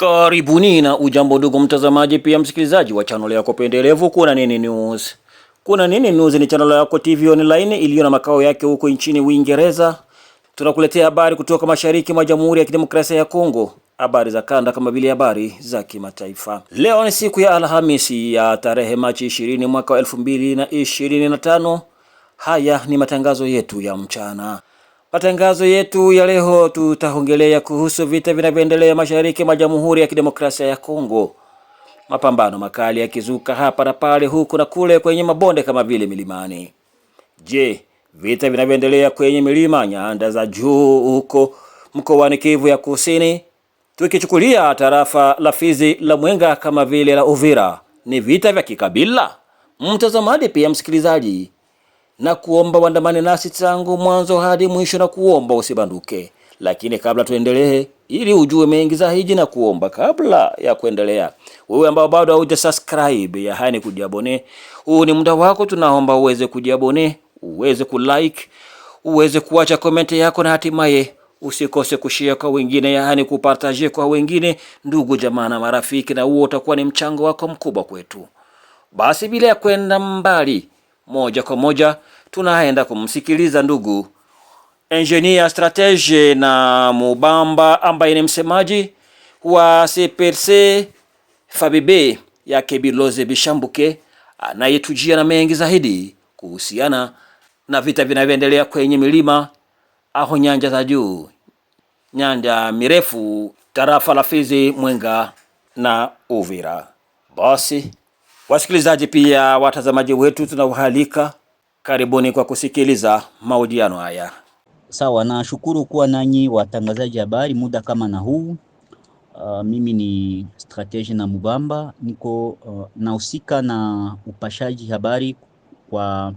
Karibuni na ujambo ndugu mtazamaji, pia msikilizaji wa chanelo yako pendelevu Kuna Nini News. Kuna Nini News ni chanelo yako TV online iliyo na makao yake huko nchini Uingereza. Tunakuletea habari kutoka mashariki mwa Jamhuri ya Kidemokrasia ya Kongo, habari za kanda kama vile habari za kimataifa. Leo ni siku ya Alhamisi ya tarehe Machi 20 mwaka 2025. Haya ni matangazo yetu ya mchana. Matangazo yetu ya leo tutaongelea kuhusu vita vinavyoendelea mashariki mwa Jamhuri ya Kidemokrasia ya Kongo. Mapambano makali yakizuka hapa na pale, huku na kule, kwenye mabonde kama vile milimani. Je, vita vinavyoendelea kwenye milima nyanda za juu huko mkoani Kivu ya Kusini, tukichukulia tarafa la Fizi, la Mwenga kama vile la Uvira, ni vita vya kikabila? Mtazamaji pia msikilizaji na kuomba waandamane nasi tangu mwanzo hadi mwisho na kuomba usibanduke. Lakini kabla tuendelee, ili ujue mengi zaidi na kuomba kabla ya kuendelea, wewe ambao bado hauja subscribe ya hani kujiabone, huu ni muda wako, tunaomba uweze kujiabone, uweze kulike, uweze kuacha komenti yako na hatimaye usikose kushia kwa wengine, yaani kupartaje kwa wengine, ndugu jamaa na marafiki, na huo utakuwa ni mchango wako mkubwa kwetu. Basi bila ya kwenda mbali moja kwa moja tunaenda kumsikiliza ndugu engineer stratege na Mubamba ambaye ni msemaji wa CPRC Fabibe ya Kebiloze Bishambuke anayetujia na mengi zaidi kuhusiana na vita vinavyoendelea kwenye milima aho nyanja za juu, nyanja mirefu, tarafa la Fizi, Mwenga na Uvira. Basi Wasikilizaji pia watazamaji wetu, tunauhalika karibuni kwa kusikiliza mahojiano haya. Sawa, nashukuru kuwa nanyi watangazaji habari muda kama na huu. Uh, mimi ni strategi na Mubamba, niko uh, nahusika na upashaji habari kwa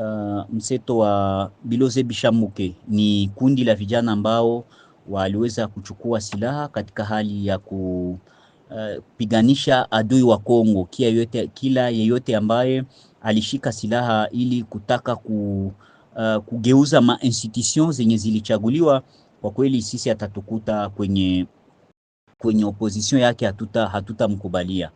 uh, mseto wa Biloze Bishamuke. Ni kundi la vijana ambao waliweza kuchukua silaha katika hali ya ku uh, piganisha adui wa Kongo, kia yote, kila yeyote ambaye alishika silaha ili kutaka ku, uh, kugeuza ma institution zenye zilichaguliwa, kwa kweli sisi atatukuta kwenye kwenye opposition yake, hatuta hatutamkubalia.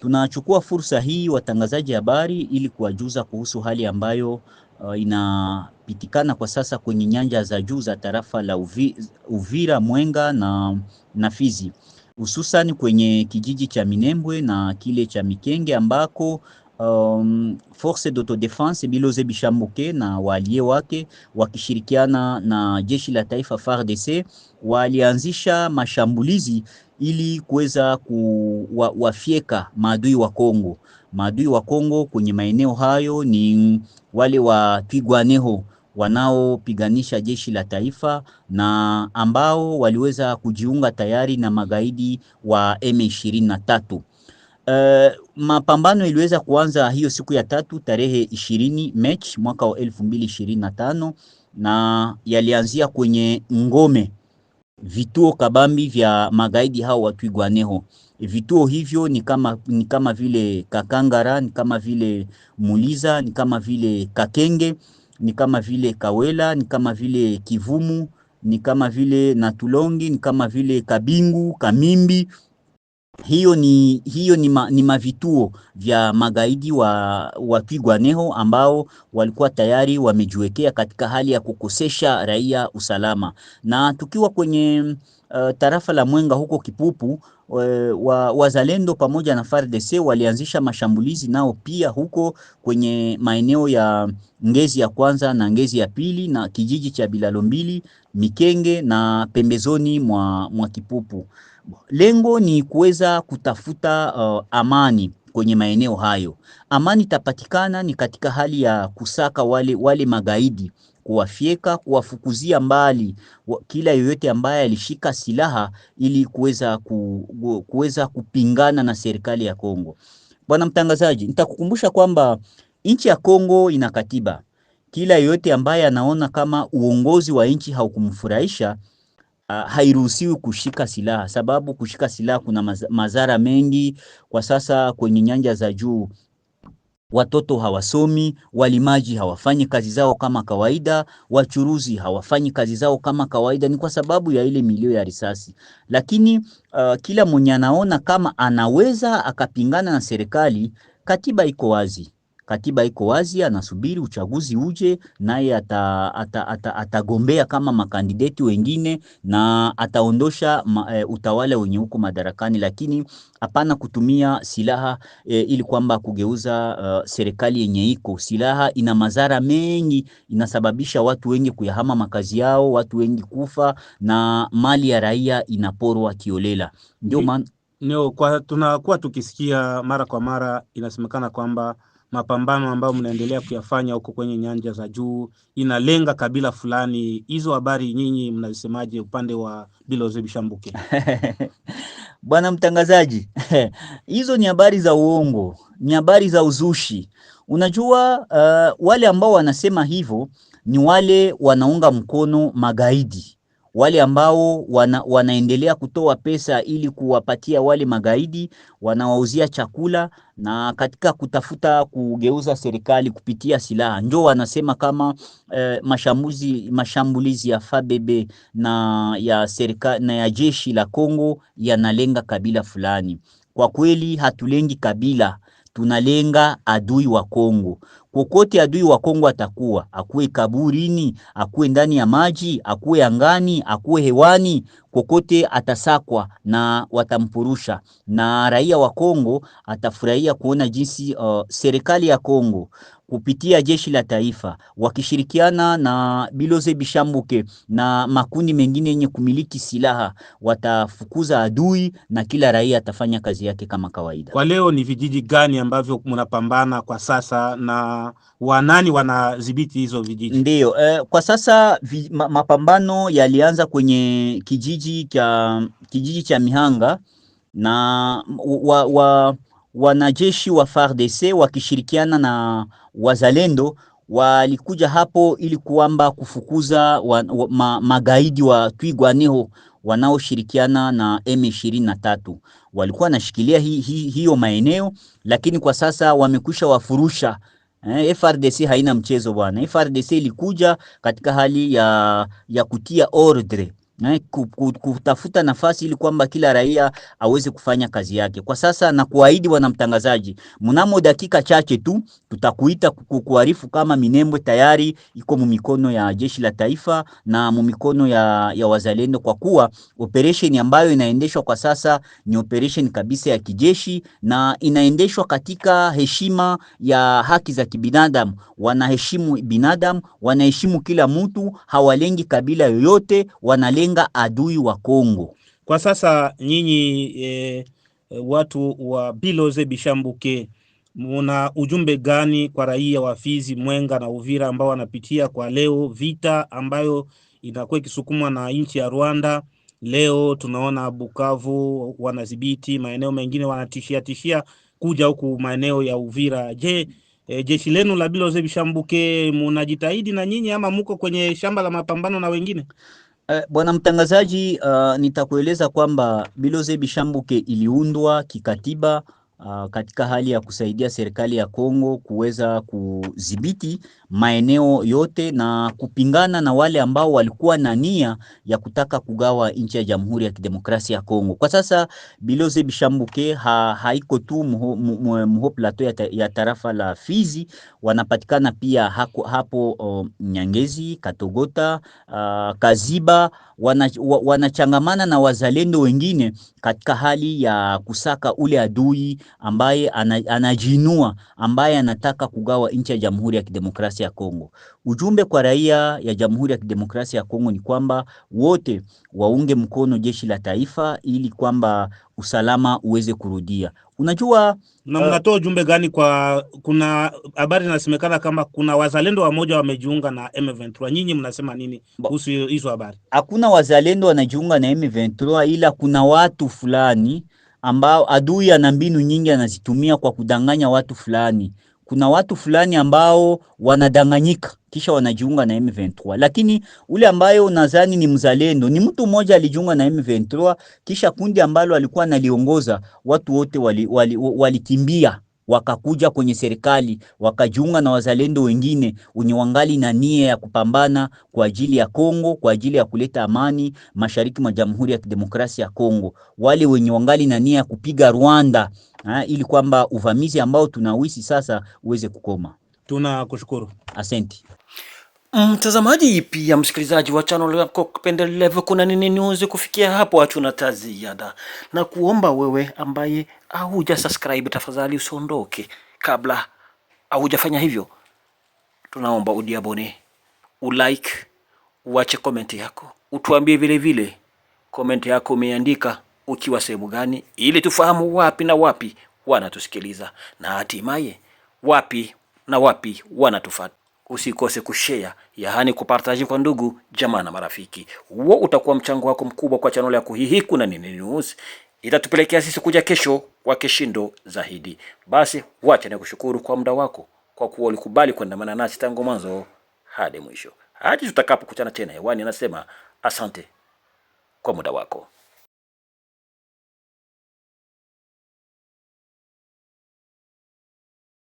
Tunachukua fursa hii watangazaji habari ili kuwajuza kuhusu hali ambayo uh, inapitikana kwa sasa kwenye nyanja za juu za tarafa la Uvi, Uvira, Mwenga na, na Fizi hususan kwenye kijiji cha Minembwe na kile cha Mikenge ambako Um, force d'autodefense Biloze bishambuke na waalie wake wakishirikiana na jeshi la taifa FARDC walianzisha mashambulizi ili kuweza kuwafyeka wa, maadui wa Kongo. Maadui wa Kongo kwenye maeneo hayo ni wale wa twigwaneho wanaopiganisha jeshi la taifa na ambao waliweza kujiunga tayari na magaidi wa M23. Uh, eh, mapambano iliweza kuanza hiyo siku ya tatu tarehe 20 Machi mwaka wa 2025 na yalianzia kwenye ngome vituo kabambi vya magaidi hao wa Twigwaneho. Vituo hivyo ni kama, ni kama vile Kakangara, ni kama vile Muliza, ni kama vile Kakenge ni kama vile Kawela, ni kama vile Kivumu, ni kama vile Natulongi, ni kama vile Kabingu, Kamimbi. Hiyo ni, hiyo ni, ma, ni mavituo vya magaidi wa, wa Twirwaneho ambao walikuwa tayari wamejiwekea katika hali ya kukosesha raia usalama, na tukiwa kwenye uh, tarafa la Mwenga huko Kipupu uh, wazalendo pamoja na FARDC walianzisha mashambulizi nao pia huko kwenye maeneo ya ngezi ya kwanza na ngezi ya pili na kijiji cha Bilalo mbili Mikenge na pembezoni mwa, mwa Kipupu. Lengo ni kuweza kutafuta uh, amani kwenye maeneo hayo. Amani itapatikana ni katika hali ya kusaka wale, wale magaidi kuwafyeka, kuwafukuzia mbali kila yoyote ambaye alishika silaha ili kuweza ku, kuweza kupingana na serikali ya Kongo. Bwana mtangazaji, nitakukumbusha kwamba nchi ya Kongo ina katiba. Kila yoyote ambaye anaona kama uongozi wa nchi haukumfurahisha hairuhusiwi kushika silaha, sababu kushika silaha kuna madhara mengi kwa sasa kwenye nyanja za juu watoto hawasomi, walimaji hawafanyi kazi zao kama kawaida, wachuruzi hawafanyi kazi zao kama kawaida. Ni kwa sababu ya ile milio ya risasi. Lakini uh, kila mwenye anaona kama anaweza akapingana na serikali, katiba iko wazi katiba iko wazi, anasubiri uchaguzi uje, naye atagombea ata, ata, ata kama makandideti wengine na ataondosha ma, e, utawala wenye huko madarakani, lakini hapana kutumia silaha e, ili kwamba kugeuza uh, serikali yenye iko. Silaha ina madhara mengi, inasababisha watu wengi kuyahama makazi yao, watu wengi kufa na mali ya raia inaporwa kiolela, ndio maana ndio kwa tunakuwa tukisikia mara kwa mara inasemekana kwamba mapambano ambayo mnaendelea kuyafanya huko kwenye nyanja za juu inalenga kabila fulani. Hizo habari nyinyi mnazisemaje upande wa Biloze Bishambuke? Bwana mtangazaji, hizo ni habari za uongo, ni habari za uzushi. Unajua uh, wale ambao wanasema hivyo ni wale wanaunga mkono magaidi wale ambao wana, wanaendelea kutoa pesa ili kuwapatia wale magaidi, wanawauzia chakula na katika kutafuta kugeuza serikali kupitia silaha. Njo wanasema kama eh, mashambuzi, mashambulizi ya FABB na ya serikali na ya jeshi la Kongo yanalenga kabila fulani. Kwa kweli hatulengi kabila, tunalenga adui wa Kongo kokote adui wa Kongo atakuwa, akuwe kaburini, akuwe ndani ya maji, akuwe angani, akuwe hewani, kokote atasakwa na watampurusha, na raia wa Kongo atafurahia kuona jinsi uh, serikali ya Kongo kupitia jeshi la taifa wakishirikiana na Biloze Bishambuke na makundi mengine yenye kumiliki silaha watafukuza adui na kila raia atafanya kazi yake kama kawaida. Kwa leo, ni vijiji gani ambavyo mnapambana kwa sasa na wanani wanadhibiti hizo vijiji? Ndiyo, eh, kwa sasa vi, ma, mapambano yalianza kwenye kijiji kijiji cha, kijiji cha Mihanga na wa, wa, wanajeshi wa FARDC wakishirikiana na wazalendo walikuja hapo ili kuamba kufukuza wa, wa, ma, magaidi wa Twirwaneho wanaoshirikiana na M23 walikuwa wanashikilia hi, hi, hiyo maeneo, lakini kwa sasa wamekwisha wafurusha. Eh, FRDC haina mchezo bwana. FRDC ilikuja katika hali ya, ya kutia ordre kutafuta nafasi ili kwamba kila raia aweze kufanya kazi yake kwa sasa. Na kuahidi wana mtangazaji, mnamo dakika chache tu tutakuita kukuarifu kama Minembwe tayari iko mumikono ya jeshi la taifa na mumikono ya, ya wazalendo, kwa kuwa operation ambayo inaendeshwa kwa sasa ni operation kabisa ya kijeshi na inaendeshwa katika heshima ya haki za kibinadamu. Wanaheshimu binadamu, wanaheshimu kila mtu, hawalengi kabila yoyote, wanalengi kulenga adui wa Kongo. Kwa sasa nyinyi e, watu wa Biloze Bishambuke, muna ujumbe gani kwa raia wa Fizi, Mwenga na Uvira ambao wanapitia kwa leo vita ambayo inakuwa ikisukumwa na nchi ya Rwanda? Leo tunaona Bukavu wanadhibiti maeneo mengine, wanatishia tishia kuja huku maeneo ya Uvira. Je, e, jeshi lenu la Biloze Bishambuke munajitahidi na nyinyi ama muko kwenye shamba la mapambano na wengine? Eh, bwana mtangazaji, uh, nitakueleza kwamba Biloze Bishambuke iliundwa kikatiba uh, katika hali ya kusaidia serikali ya Kongo kuweza kudhibiti maeneo yote na kupingana na wale ambao walikuwa na nia ya kutaka kugawa nchi ya Jamhuri ya Kidemokrasia ya Kongo. Kwa sasa Biloze Bishambuke ha, haiko tu mho plateau ya, ta, ya tarafa la Fizi, wanapatikana pia hako, hapo um, Nyangezi, Katogota, uh, Kaziba wana, wa, wanachangamana na wazalendo wengine katika hali ya kusaka ule adui ambaye anajinua, ambaye anataka kugawa nchi ya Jamhuri ya Kidemokrasia ya Kongo. Ujumbe kwa raia ya Jamhuri ya Kidemokrasia ya Kongo ni kwamba wote waunge mkono jeshi la taifa ili kwamba usalama uweze kurudia. Unajua, na mnatoa uh, ujumbe gani kwa? Kuna habari inasemekana kama kuna wazalendo wamoja wamejiunga na M23. Nyinyi mnasema nini kuhusu hizo habari? Hakuna wazalendo wanajiunga na M23, ila kuna watu fulani ambao adui ana mbinu nyingi anazitumia kwa kudanganya watu fulani. Kuna watu fulani ambao wanadanganyika kisha wanajiunga na M23, lakini ule ambaye unadhani ni mzalendo ni mtu mmoja alijiunga na M23, kisha kundi ambalo alikuwa analiongoza watu wote walikimbia wali, wali wakakuja kwenye serikali wakajiunga na wazalendo wengine wenye wangali na nia ya kupambana kwa ajili ya Kongo, kwa ajili ya kuleta amani mashariki mwa Jamhuri ya Kidemokrasia ya Kongo, wale wenye wangali na nia ya kupiga Rwanda ha, ili kwamba uvamizi ambao tunawisi sasa uweze kukoma. Tunakushukuru, asante. Mm, mtazamaji pia msikilizaji wa channel yako pendelevu Kuna Nini News, kufikia hapo hatuna cha ziada, na kuomba wewe ambaye hauja subscribe, tafadhali usiondoke kabla haujafanya hivyo. Tunaomba udiabone, ulike, uache komenti yako, utuambie vile vile komenti yako umeandika ukiwa sehemu gani, ili tufahamu wapi na wapi wanatusikiliza na hatimaye wapi na wapi wanatufata usikose kushare, yaani kupartaji kwa ndugu jamaa na marafiki. Huo utakuwa mchango wako mkubwa kwa chanelo ya Kuhihiku na Nini News, itatupelekea sisi kuja kesho kwa kishindo zaidi. Basi wacha nikushukuru kwa muda wako, kwa kuwa ulikubali kuandamana nasi tangu mwanzo hadi mwisho, hadi tutakapokutana tena hewani. Anasema asante kwa muda wako.